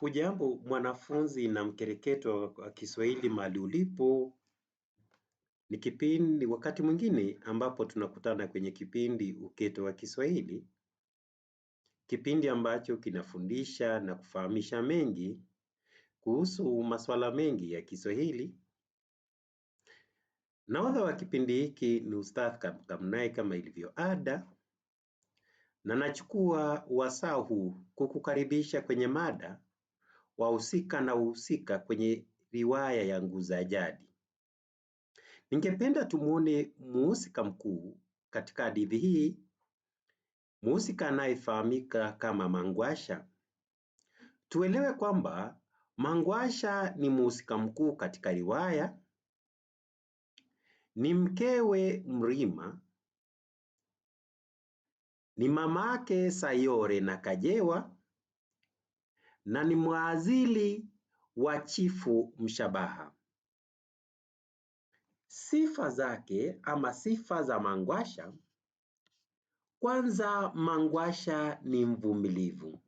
Hujambo mwanafunzi na mkereketo wa kiswahili mahali ulipo ni kipindi wakati mwingine ambapo tunakutana kwenye kipindi uketo wa kiswahili, kipindi ambacho kinafundisha na kufahamisha mengi kuhusu maswala mengi ya kiswahili. Nahodha wa kipindi hiki ni Ustadh Kamnai kama ilivyo ada, na nachukua wasaa huu kukukaribisha kwenye mada wahusika na uhusika kwenye riwaya ya Nguza Jadi. Ningependa tumuone muhusika mkuu katika hadithi hii, muhusika anayefahamika kama Mangwasha. Tuelewe kwamba Mangwasha ni muhusika mkuu katika riwaya, ni mkewe Mrima, ni mamake Sayore na Kajewa na ni mwazili wa Chifu Mshabaha. Sifa zake ama sifa za Mangwasha, kwanza, Mangwasha ni mvumilivu.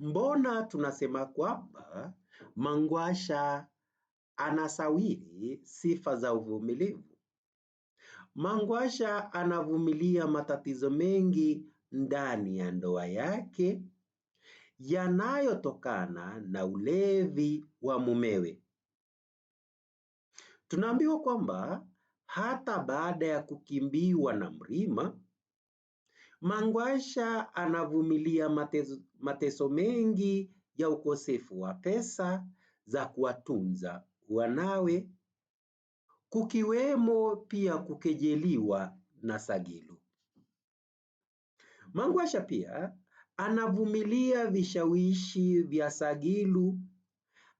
Mbona tunasema kwamba Mangwasha anasawiri sifa za uvumilivu? Mangwasha anavumilia matatizo mengi ndani ya ndoa yake yanayotokana na ulevi wa mumewe. Tunaambiwa kwamba hata baada ya kukimbiwa na Mrima, Mangwasha anavumilia mateso, mateso mengi ya ukosefu wa pesa za kuwatunza wanawe kukiwemo pia kukejeliwa na Sagilu. Mangwasha pia Anavumilia vishawishi vya Sagilu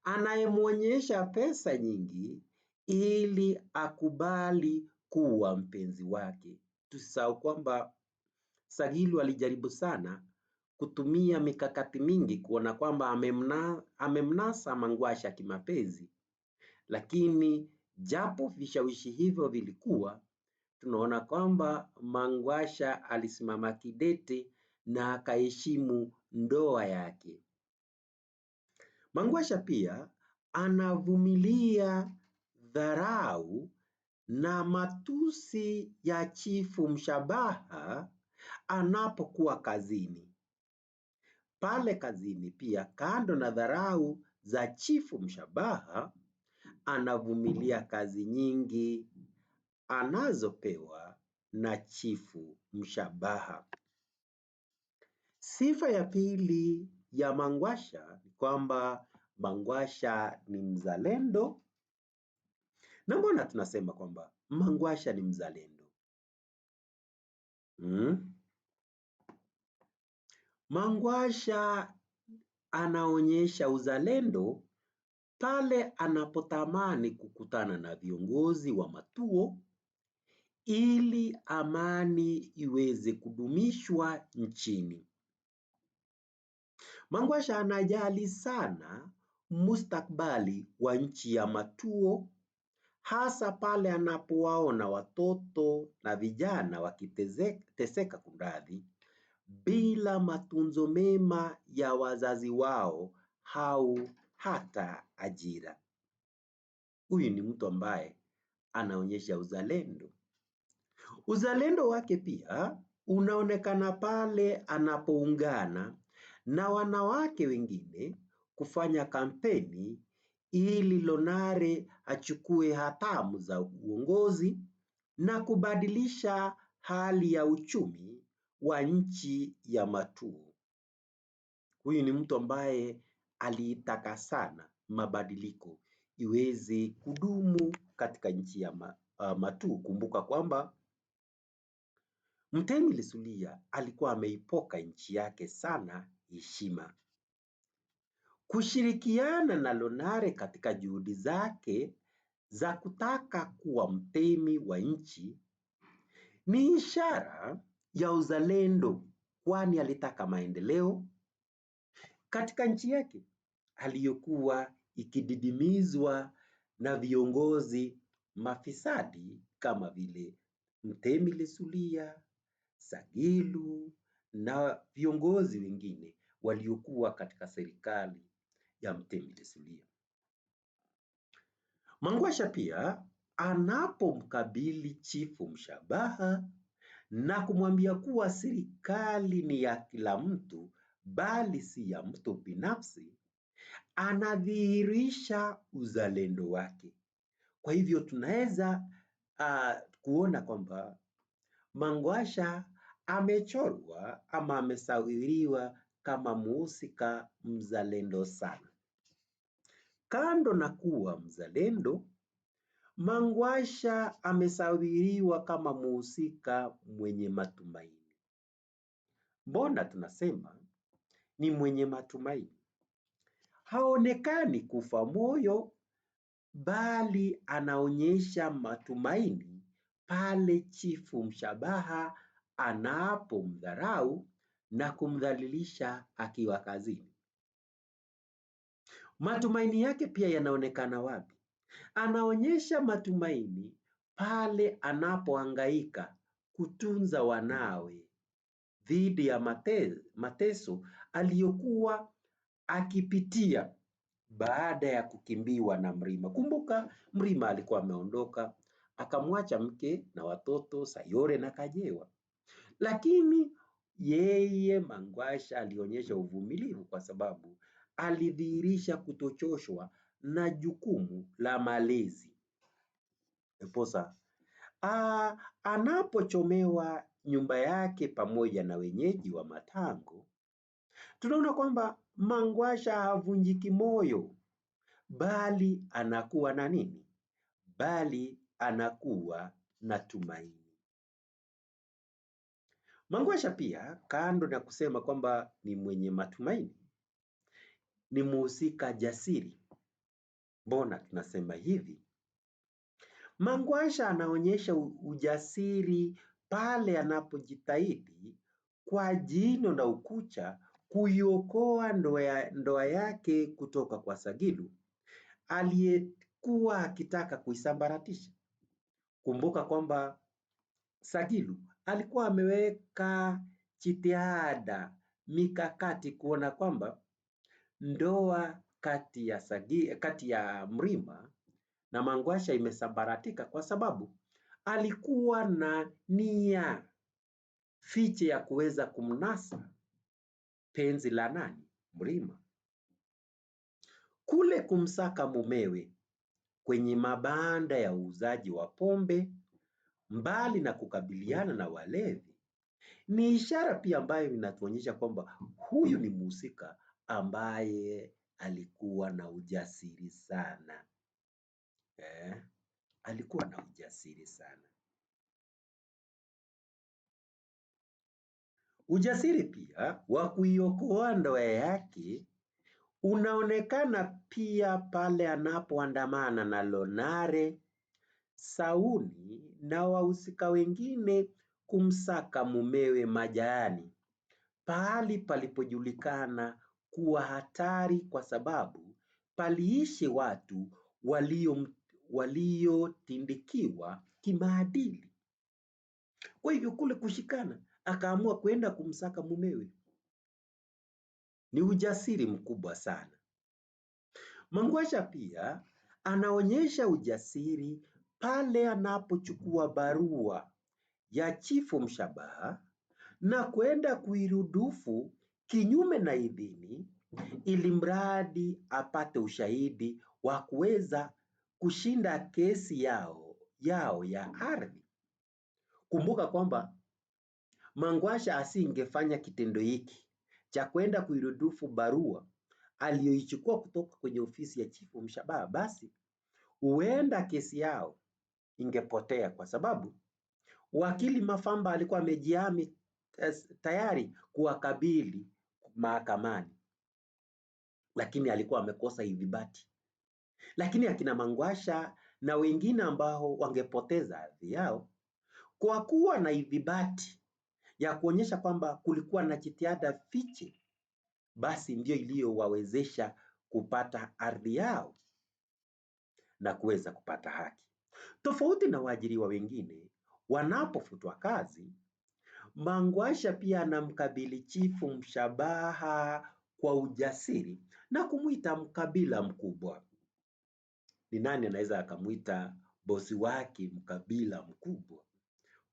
anayemwonyesha pesa nyingi ili akubali kuwa mpenzi wake. Tusisahau kwamba Sagilu alijaribu sana kutumia mikakati mingi kuona kwamba amemna, amemnasa Mangwasha kimapenzi, lakini japo vishawishi hivyo vilikuwa, tunaona kwamba Mangwasha alisimama kidete na akaheshimu ndoa yake. Mangwasha pia anavumilia dharau na matusi ya Chifu Mshabaha anapokuwa kazini. Pale kazini pia, kando na dharau za Chifu Mshabaha, anavumilia kazi nyingi anazopewa na Chifu Mshabaha. Sifa ya pili ya Mangwasha ni kwamba Mangwasha ni mzalendo. Na mbona tunasema kwamba Mangwasha ni mzalendo? Hmm? Mangwasha anaonyesha uzalendo pale anapotamani kukutana na viongozi wa Matuo ili amani iweze kudumishwa nchini. Mangwasha anajali sana mustakbali wa nchi ya Matuo hasa pale anapowaona watoto na vijana wakiteseka kunradhi bila matunzo mema ya wazazi wao au hata ajira. Huyu ni mtu ambaye anaonyesha uzalendo. Uzalendo wake pia unaonekana pale anapoungana na wanawake wengine kufanya kampeni ili Lonare achukue hatamu za uongozi na kubadilisha hali ya uchumi wa nchi ya Matuo. Huyu ni mtu ambaye aliitaka sana mabadiliko iweze kudumu katika nchi ya ma, uh, Matuo. Kumbuka kwamba Mtemi Lisulia alikuwa ameipoka nchi yake sana heshima. Kushirikiana na Lonare katika juhudi zake za kutaka kuwa mtemi wa nchi ni ishara ya uzalendo kwani alitaka maendeleo katika nchi yake aliyokuwa ikididimizwa na viongozi mafisadi kama vile Mtemi Lesulia, Sagilu na viongozi wengine waliokuwa katika serikali ya Mtemi Mangwasha pia anapomkabili chifu Mshabaha na kumwambia kuwa serikali ni ya kila mtu bali si ya mtu binafsi, anadhihirisha uzalendo wake. Kwa hivyo tunaweza uh, kuona kwamba Mangwasha amechorwa ama amesawiriwa kama mhusika mzalendo sana. Kando na kuwa mzalendo, Mangwasha amesawiriwa kama mhusika mwenye matumaini. Mbona tunasema ni mwenye matumaini? Haonekani kufa moyo, bali anaonyesha matumaini pale Chifu Mshabaha anapomdharau na kumdhalilisha akiwa kazini. Matumaini yake pia yanaonekana wapi? Anaonyesha matumaini pale anapohangaika kutunza wanawe dhidi ya mate, mateso aliyokuwa akipitia baada ya kukimbiwa na Mrima. Kumbuka Mrima alikuwa ameondoka akamwacha mke na watoto Sayore na Kajewa, lakini yeye Mangwasha alionyesha uvumilivu kwa sababu alidhihirisha kutochoshwa na jukumu la malezi. Eposa anapochomewa nyumba yake pamoja na wenyeji wa Matango, tunaona kwamba Mangwasha havunjiki moyo, bali anakuwa na nini? Bali anakuwa na tumaini. Mangwasha pia kando na kusema kwamba ni mwenye matumaini, ni mhusika jasiri. Mbona tunasema hivi? Mangwasha anaonyesha ujasiri pale anapojitahidi kwa jino na ukucha kuiokoa ndoa, ya, ndoa yake kutoka kwa Sagilu aliyekuwa akitaka kuisambaratisha. Kumbuka kwamba Sagilu alikuwa ameweka jitihada, mikakati kuona kwamba ndoa kati ya, Sagi, kati ya Mrima na Mangwasha imesambaratika kwa sababu alikuwa na nia fiche ya kuweza kumnasa penzi la nani Mrima kule kumsaka mumewe kwenye mabanda ya uuzaji wa pombe mbali na kukabiliana na walevi, ni ishara pia ambayo inatuonyesha kwamba huyu ni mhusika ambaye alikuwa na ujasiri sana eh? Alikuwa na ujasiri sana. Ujasiri pia wa kuiokoa ndoa yake unaonekana pia pale anapoandamana na Lonare Sauli na wahusika wengine kumsaka mumewe Majaani, pahali palipojulikana kuwa hatari kwa sababu paliishi watu waliotindikiwa kimaadili. Kwa hivyo kule kushikana, akaamua kwenda kumsaka mumewe. Ni ujasiri mkubwa sana. Mangwasha pia anaonyesha ujasiri pale anapochukua barua ya chifu mshabaha na kwenda kuirudufu kinyume na idhini ili mradi apate ushahidi wa kuweza kushinda kesi yao, yao ya ardhi. Kumbuka kwamba Mangwasha asingefanya kitendo hiki cha kwenda kuirudufu barua aliyoichukua kutoka kwenye ofisi ya chifu mshabaha, basi huenda kesi yao ingepotea kwa sababu wakili Mafamba alikuwa amejihami eh, tayari kuwakabili mahakamani, lakini alikuwa amekosa idhibati. Lakini akina Mangwasha na wengine ambao wangepoteza ardhi yao kwa kuwa na idhibati ya kuonyesha kwamba kulikuwa na jitihada fiche, basi ndio iliyowawezesha kupata ardhi yao na kuweza kupata haki. Tofauti na waajiriwa wengine wanapofutwa kazi, Mangwasha pia anamkabili chifu mshabaha kwa ujasiri na kumwita mkabila mkubwa. Ni nani anaweza akamwita bosi wake mkabila mkubwa?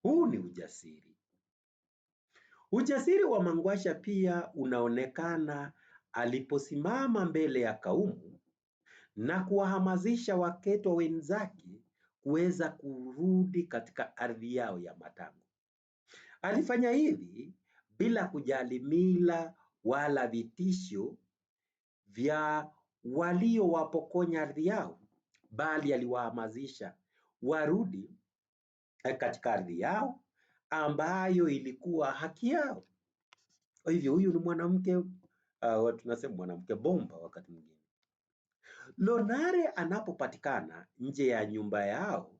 Huu ni ujasiri. Ujasiri wa Mangwasha pia unaonekana aliposimama mbele ya kaumu na kuwahamasisha waketwa wenzake kuweza kurudi katika ardhi yao ya matango. Alifanya hivi bila kujali mila wala vitisho vya waliowapokonya ardhi yao, bali aliwahamasisha warudi eh, katika ardhi yao ambayo ilikuwa haki yao. Kwa hivyo huyu ni mwanamke uh, tunasema mwanamke bomba wakati mwingine. Lonare anapopatikana nje ya nyumba yao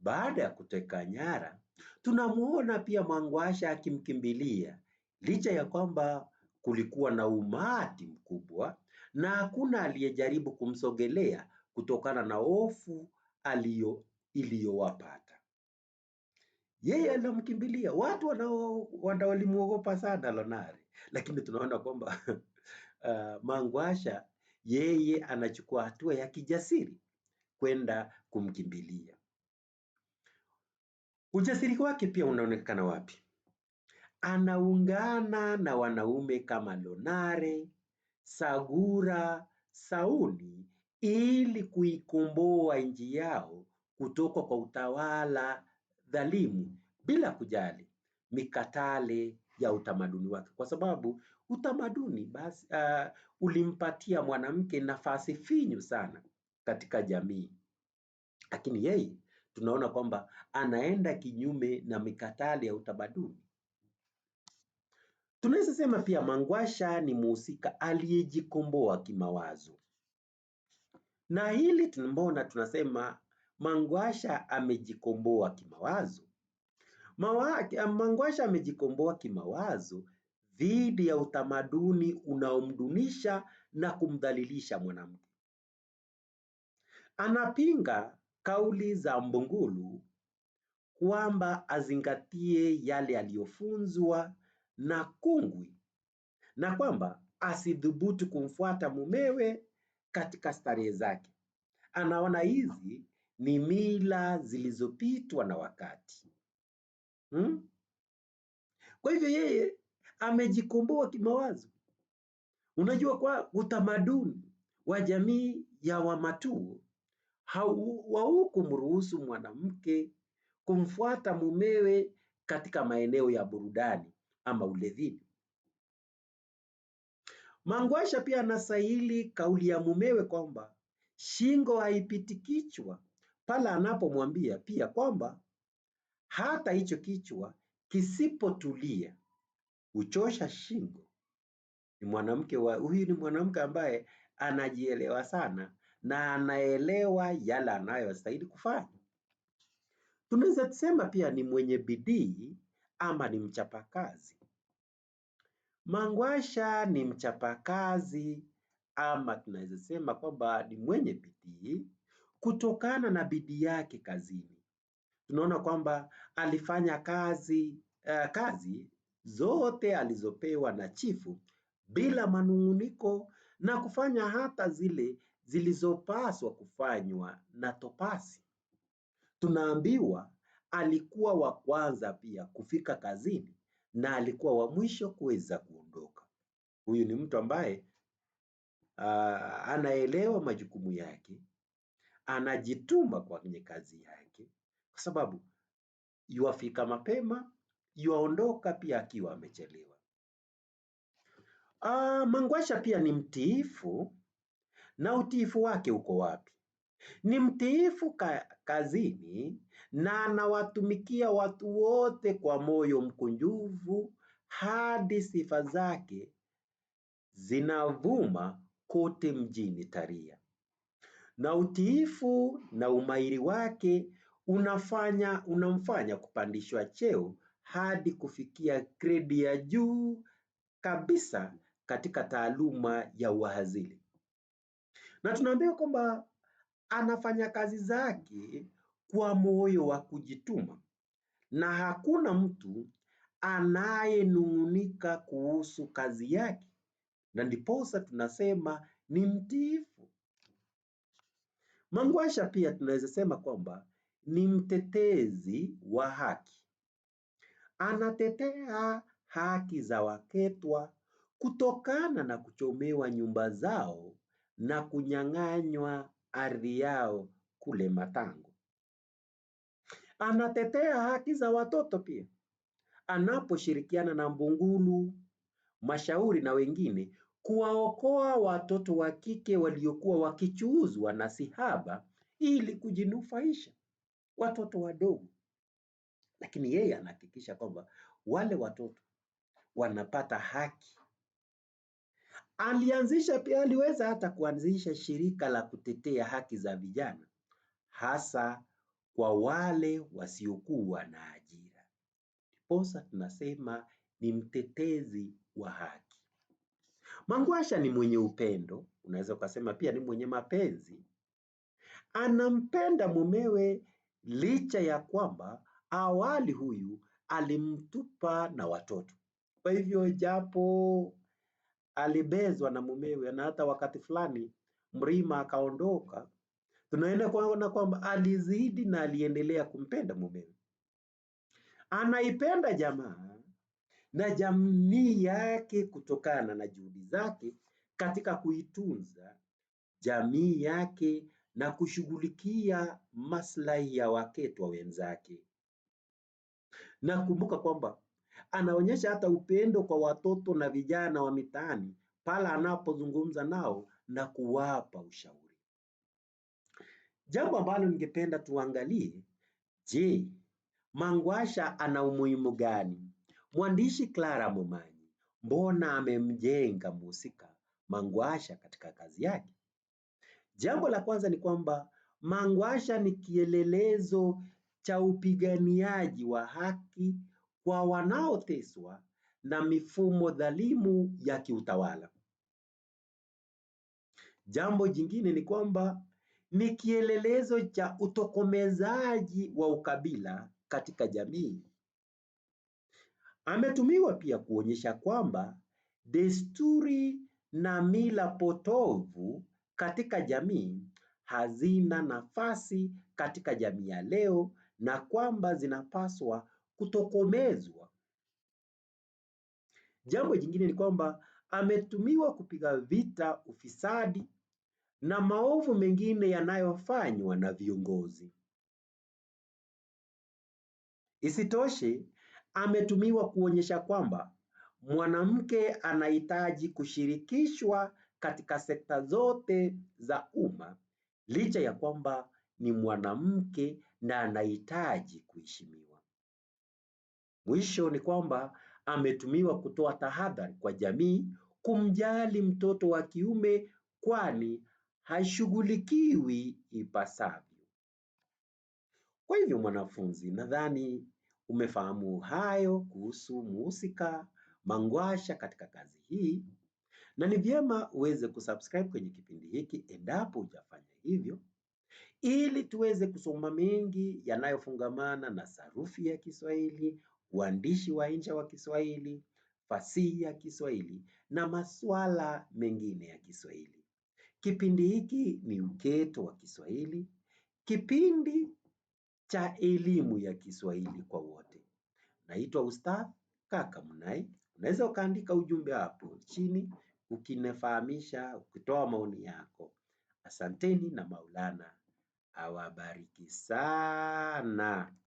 baada ya kuteka nyara, tunamuona pia Mangwasha akimkimbilia licha ya kwamba kulikuwa na umati mkubwa na hakuna aliyejaribu kumsogelea kutokana na hofu aliyo iliyowapata. Yeye alimkimbilia watu wanao walimwogopa sana Lonare, lakini tunaona kwamba uh, eh, Mangwasha yeye anachukua hatua ya kijasiri kwenda kumkimbilia. Ujasiri wake pia unaonekana wapi? Anaungana na wanaume kama Lonare, Sagura, Sauni ili kuikomboa nchi yao kutoka kwa utawala dhalimu bila kujali mikatale ya utamaduni wake, kwa sababu utamaduni basi, uh, ulimpatia mwanamke nafasi finyu sana katika jamii, lakini yeye tunaona kwamba anaenda kinyume na mikatale ya utamaduni. Tunaweza sema pia Mangwasha ni mhusika aliyejikomboa kimawazo, na hili tunaona tunasema Mangwasha amejikomboa kimawazo Mangwasha amejikomboa kimawazo dhidi ya utamaduni unaomdunisha na kumdhalilisha mwanamke. Anapinga kauli za Mbungulu kwamba azingatie yale aliyofunzwa na kungwi na kwamba asidhubutu kumfuata mumewe katika starehe zake. Anaona hizi ni mila zilizopitwa na wakati hmm? Kwa hivyo yeye amejikomboa kimawazo. Unajua, kwa utamaduni wa jamii ya Wamatuo haukumruhusu mwanamke kumfuata mumewe katika maeneo ya burudani ama ulevini. Mangwasha pia anasahili kauli ya mumewe kwamba shingo haipiti kichwa, pale anapomwambia pia kwamba hata hicho kichwa kisipotulia huchosha shingo. Ni mwanamke wa, huyu ni mwanamke ambaye anajielewa sana na anaelewa yale anayostahili kufanya. Tunaweza kusema pia ni mwenye bidii ama ni mchapakazi. Mangwasha ni mchapakazi ama tunaweza sema kwamba ni mwenye bidii kutokana na bidii yake kazini tunaona kwamba alifanya kazi, uh, kazi zote alizopewa na chifu bila manung'uniko na kufanya hata zile zilizopaswa kufanywa na Topasi. Tunaambiwa alikuwa wa kwanza pia kufika kazini na alikuwa wa mwisho kuweza kuondoka. Huyu ni mtu ambaye uh, anaelewa majukumu yake, anajituma kwenye kazi yake sababu yuafika mapema, yuaondoka pia akiwa amechelewa. Ah, Mangwasha pia ni mtiifu na utiifu wake uko wapi? Ni mtiifu ka, kazini na anawatumikia watu wote kwa moyo mkunjufu hadi sifa zake zinavuma kote mjini Taria. Na utiifu na umahiri wake unafanya unamfanya kupandishwa cheo hadi kufikia gredi ya juu kabisa katika taaluma ya uhazili. Na tunaambiwa kwamba anafanya kazi zake kwa moyo wa kujituma na hakuna mtu anayenung'unika kuhusu kazi yake, na ndiposa tunasema ni mtiifu. Mangwasha pia tunaweza sema kwamba ni mtetezi wa haki. Anatetea haki za waketwa kutokana na kuchomewa nyumba zao na kunyang'anywa ardhi yao kule Matango. Anatetea haki za watoto pia anaposhirikiana na Mbungulu, Mashauri na wengine kuwaokoa watoto wa kike waliokuwa wakichuuzwa na Sihaba ili kujinufaisha watoto wadogo, lakini yeye anahakikisha kwamba wale watoto wanapata haki. Alianzisha pia, aliweza hata kuanzisha shirika la kutetea haki za vijana, hasa kwa wale wasiokuwa na ajira. Ndiposa tunasema ni mtetezi wa haki. Mangwasha ni mwenye upendo, unaweza ukasema pia ni mwenye mapenzi. Anampenda mumewe licha ya kwamba awali huyu alimtupa na watoto. Kwa hivyo, japo alibezwa na mumewe na hata wakati fulani Mrima akaondoka, tunaenda kuona kwamba alizidi na aliendelea kumpenda mumewe, anaipenda jamaa na jamii yake kutokana na juhudi zake katika kuitunza jamii yake na kushughulikia maslahi ya waketwa wenzake. Na kumbuka kwamba anaonyesha hata upendo kwa watoto na vijana wa mitaani pale anapozungumza nao na kuwapa ushauri. Jambo ambalo ningependa tuangalie, je, Mangwasha ana umuhimu gani? Mwandishi Clara Momanyi mbona amemjenga mhusika Mangwasha katika kazi yake? Jambo la kwanza ni kwamba Mangwasha ni kielelezo cha upiganiaji wa haki kwa wanaoteswa na mifumo dhalimu ya kiutawala. Jambo jingine ni kwamba ni kielelezo cha utokomezaji wa ukabila katika jamii. Ametumiwa pia kuonyesha kwamba desturi na mila potovu katika jamii hazina nafasi katika jamii ya leo na kwamba zinapaswa kutokomezwa. Jambo jingine ni kwamba ametumiwa kupiga vita ufisadi na maovu mengine yanayofanywa na viongozi. Isitoshe, ametumiwa kuonyesha kwamba mwanamke anahitaji kushirikishwa katika sekta zote za umma licha ya kwamba ni mwanamke na anahitaji kuheshimiwa. Mwisho ni kwamba ametumiwa kutoa tahadhari kwa jamii kumjali mtoto wa kiume kwani hashughulikiwi ipasavyo. Kwa hivyo, mwanafunzi, nadhani umefahamu hayo kuhusu mhusika Mangwasha katika kazi hii na ni vyema uweze kusubscribe kwenye kipindi hiki endapo hujafanya hivyo, ili tuweze kusoma mengi yanayofungamana na sarufi ya Kiswahili, uandishi wa insha wa Kiswahili, fasihi ya Kiswahili na masuala mengine ya Kiswahili. Kipindi hiki ni Uketo wa Kiswahili, kipindi cha elimu ya Kiswahili kwa wote. Naitwa Ustadh Kaka Munai. Unaweza ukaandika ujumbe hapo chini ukinifahamisha ukitoa maoni yako. Asanteni na Maulana awabariki sana.